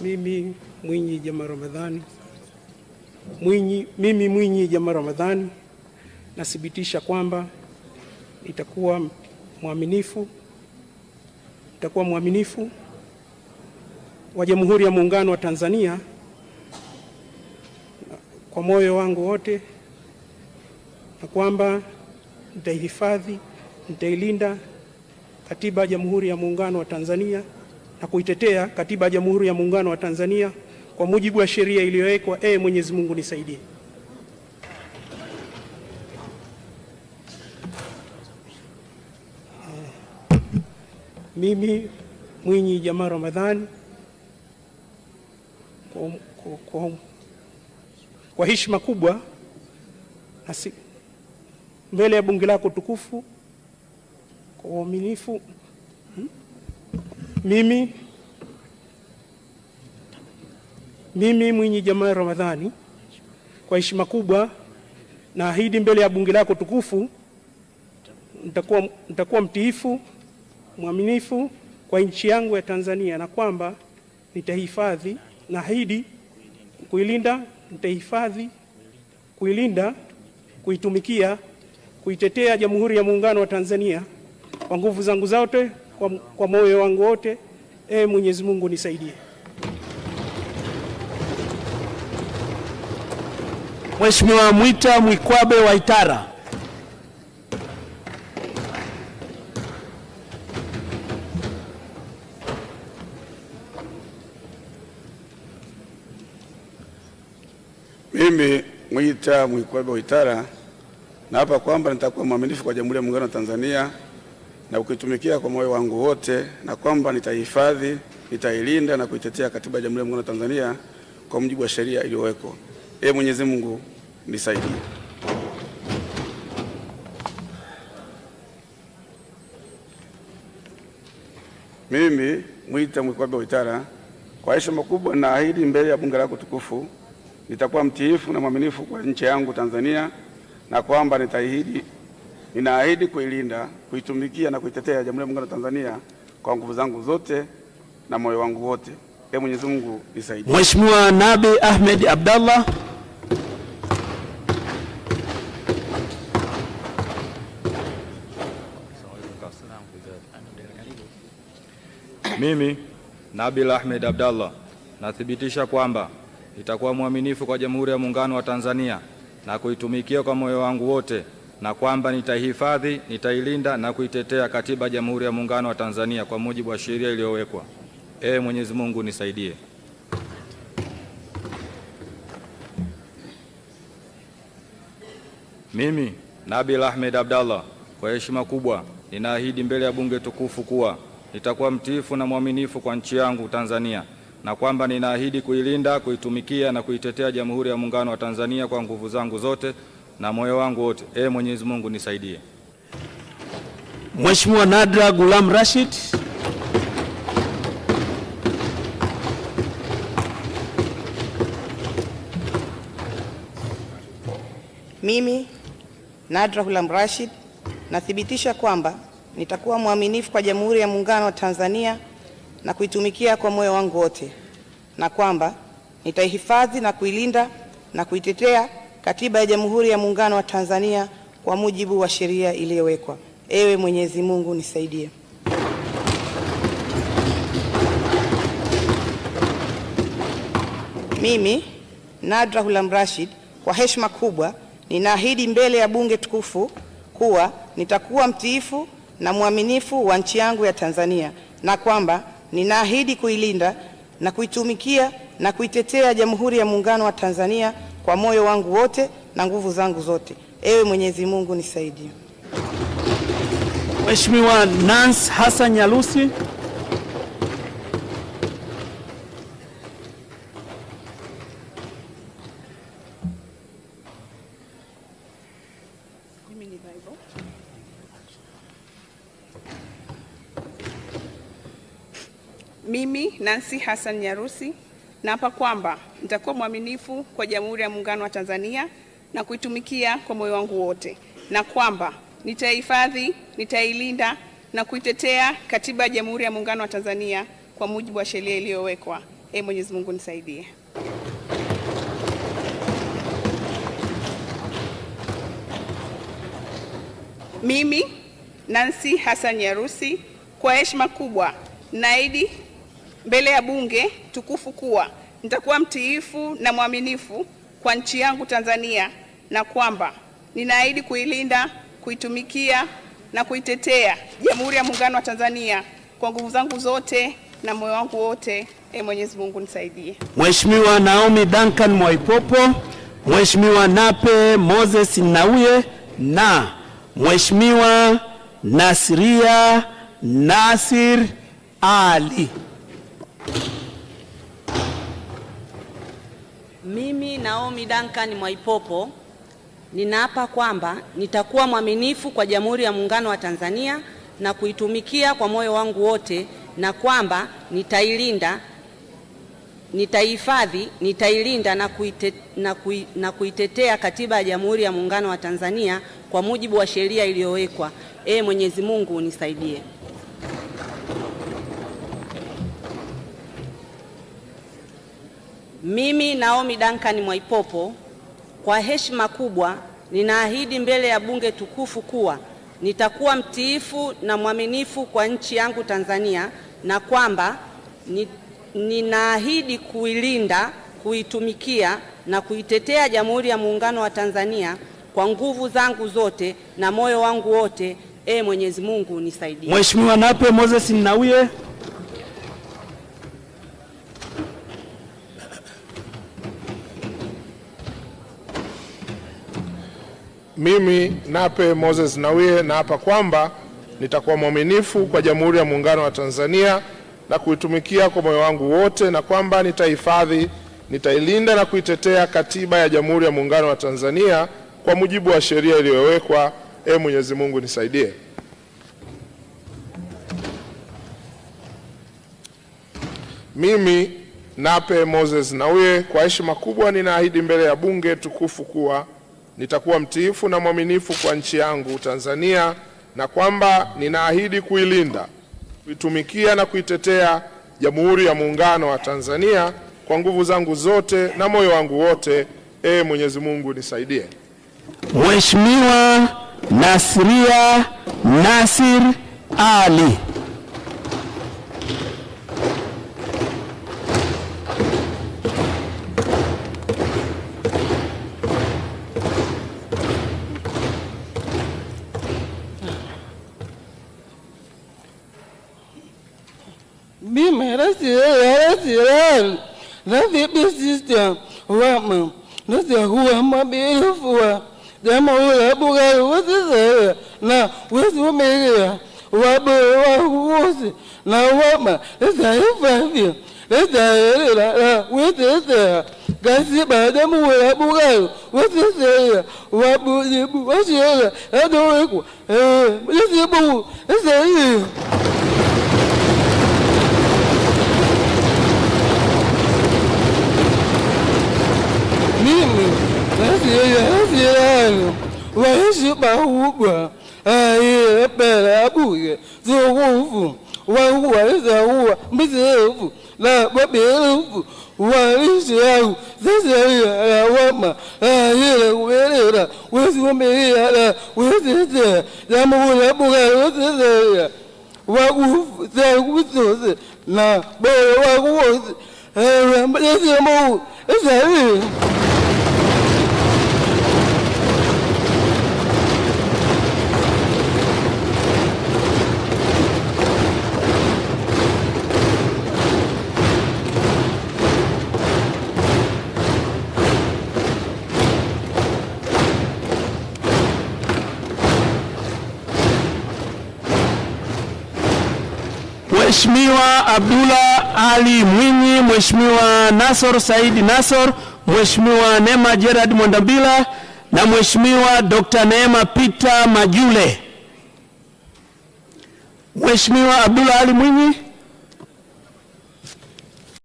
Mimi Mwinyi jama Ramadhani Mwinyi, mimi Mwinyi Juma Ramadhani nathibitisha kwamba nitakuwa mwaminifu nitakuwa mwaminifu wa Jamhuri ya Muungano wa Tanzania kwa moyo wangu wote, na kwamba nitaihifadhi, nitailinda Katiba ya Jamhuri ya Muungano wa Tanzania na kuitetea Katiba ya Jamhuri ya Muungano wa Tanzania kwa mujibu wa sheria iliyowekwa. Ee Mwenyezi Mungu nisaidie. Mimi Mwinyi Jamaa Ramadhani kwa, um, kwa, kwa, kwa heshima kubwa mbele ya bunge lako tukufu kwa uaminifu mimi mimi Mwinyi Jamal Ramadhani, kwa heshima kubwa naahidi mbele ya bunge lako tukufu nitakuwa, nitakuwa mtiifu mwaminifu kwa nchi yangu ya Tanzania na kwamba nitahifadhi, naahidi kuilinda, nitahifadhi, kuilinda, kuitumikia, kuitetea Jamhuri ya Muungano wa Tanzania kwa nguvu zangu zote kwa, kwa moyo wangu wote. E Mwenyezi Mungu nisaidie. Mheshimiwa Mwita Mwikwabe wa Itara. Mimi Mwita Mwikwabe wa Itara naapa kwamba nitakuwa mwaminifu kwa Jamhuri ya Muungano wa Tanzania na kukitumikia kwa moyo wangu wote, na kwamba nitaihifadhi, nitailinda na kuitetea Katiba ya Jamhuri ya Muungano wa Tanzania kwa mujibu wa sheria iliyowekwa. Ee Mwenyezi Mungu nisaidie. Mimi Mwita Mwikwabe Waitara, kwa heshima kubwa naahidi mbele ya bunge lako tukufu nitakuwa mtiifu na mwaminifu kwa nchi yangu Tanzania, na kwamba nitaahidi, ninaahidi kuilinda kuitumikia na kuitetea Jamhuri ya Muungano wa Tanzania kwa nguvu zangu zote na moyo wangu wote. Ee Mwenyezi Mungu nisaidie. Mheshimiwa Nabi Ahmed Abdallah. Mimi Nabil Ahmed Abdallah nathibitisha kwamba nitakuwa mwaminifu kwa Jamhuri ya Muungano wa Tanzania na kuitumikia kwa moyo wangu wote na kwamba nitaihifadhi, nitailinda na kuitetea Katiba ya Jamhuri ya Muungano wa Tanzania kwa mujibu wa sheria iliyowekwa. Ee Mwenyezi Mungu nisaidie. Mimi Nabil Ahmed Abdallah kwa heshima kubwa ninaahidi mbele ya Bunge tukufu kuwa nitakuwa mtiifu na mwaminifu kwa nchi yangu Tanzania na kwamba ninaahidi kuilinda, kuitumikia na kuitetea Jamhuri ya Muungano wa Tanzania kwa nguvu zangu zote na moyo wangu wote, e Mwenyezi Mungu nisaidie. Mheshimiwa Nadra Gulam Rashid. Mimi Nadra Gulam Rashid nathibitisha kwamba nitakuwa mwaminifu kwa Jamhuri ya Muungano wa Tanzania na kuitumikia kwa moyo wangu wote, na kwamba nitaihifadhi na kuilinda na kuitetea Katiba ya Jamhuri ya Muungano wa Tanzania kwa mujibu wa sheria iliyowekwa. Ewe Mwenyezi Mungu nisaidie. Mimi Nadra Hulam Rashid kwa heshima kubwa ninaahidi mbele ya bunge tukufu kuwa nitakuwa mtiifu na mwaminifu wa nchi yangu ya Tanzania na kwamba ninaahidi kuilinda na kuitumikia na kuitetea Jamhuri ya Muungano wa Tanzania kwa moyo wangu wote na nguvu zangu zote. Ewe Mwenyezi Mungu nisaidie. Mheshimiwa Nance Hassan Nyalusi. Mimi Nancy Hassan Nyarusi Naapa kwamba nitakuwa mwaminifu kwa Jamhuri ya Muungano wa Tanzania na kuitumikia kwa moyo wangu wote, na kwamba nitaihifadhi, nitailinda na kuitetea Katiba ya Jamhuri ya Muungano wa Tanzania kwa mujibu wa sheria iliyowekwa. Ee Mwenyezi Mungu nisaidie. Mimi Nancy Hassan Nyarusi, kwa heshima kubwa naidi mbele ya bunge tukufu kuwa nitakuwa mtiifu na mwaminifu kwa nchi yangu Tanzania na kwamba ninaahidi kuilinda, kuitumikia na kuitetea Jamhuri ya Muungano wa Tanzania kwa nguvu zangu zote na moyo wangu wote. E, Mwenyezi Mungu nisaidie. Mheshimiwa Naomi Duncan Mwaipopo, Mheshimiwa Nape Moses Nauye na Mheshimiwa Nasiria Nasir Ali. Mimi Naomi Duncan Mwaipopo ninaapa kwamba nitakuwa mwaminifu kwa Jamhuri ya Muungano wa Tanzania na kuitumikia kwa moyo wangu wote, na kwamba nitailinda, nitaihifadhi, nitailinda na, kuite, na, kui, na kuitetea Katiba ya Jamhuri ya Muungano wa Tanzania kwa mujibu wa sheria iliyowekwa. Ee Mwenyezi Mungu unisaidie. Mimi Naomi Duncan Mwaipopo kwa heshima kubwa ninaahidi mbele ya bunge tukufu kuwa nitakuwa mtiifu na mwaminifu kwa nchi yangu Tanzania na kwamba ni, ninaahidi kuilinda, kuitumikia na kuitetea Jamhuri ya Muungano wa Tanzania kwa nguvu zangu zote na moyo wangu wote. E, Mwenyezi Mungu nisaidie. Mheshimiwa Nape Moses Nnauye. Mimi Nape Moses Nnauye naapa kwamba nitakuwa mwaminifu kwa Jamhuri ya Muungano wa Tanzania na kuitumikia kwa moyo wangu wote, na kwamba nitahifadhi, nitailinda na kuitetea Katiba ya Jamhuri ya Muungano wa Tanzania kwa mujibu wa sheria iliyowekwa. E Mwenyezi Mungu nisaidie. Mimi Nape Moses Nnauye, kwa heshima kubwa ninaahidi mbele ya Bunge tukufu kuwa nitakuwa mtiifu na mwaminifu kwa nchi yangu Tanzania na kwamba ninaahidi kuilinda, kuitumikia na kuitetea Jamhuri ya Muungano wa Tanzania kwa nguvu zangu zote na moyo wangu wote. Ee Mwenyezi Mungu nisaidie. Mheshimiwa Nasria Nasir Ali. Be my restoration, restoration system, woman. That's who am I beautiful? Them all I bought was this Now, what's what made it? What was it? Now, what man? That's how you find you. That's how you like What's this? Kasi ba dem wala bugal, wasi se wa bu wasi ya, ado eku, eh, lesi bu, lesi. elimu zasiyelano waishibahubwa aiye pelabuye zuhufu wahuwaizahuwa mbizefu lababelufu walishiau zasiyelawama aiye welera wesiwombeiyala wesese zamuvulabukaosesea wakusakutose na bele wakuwose ewa mbesemu esaii Mheshimiwa Abdullah Ali Mwinyi, Mheshimiwa Nasor Saidi Nasor, Mheshimiwa Neema Gerard Mwandambila na Mheshimiwa Dr. Neema Peter Majule. Mheshimiwa Abdullah Ali Mwinyi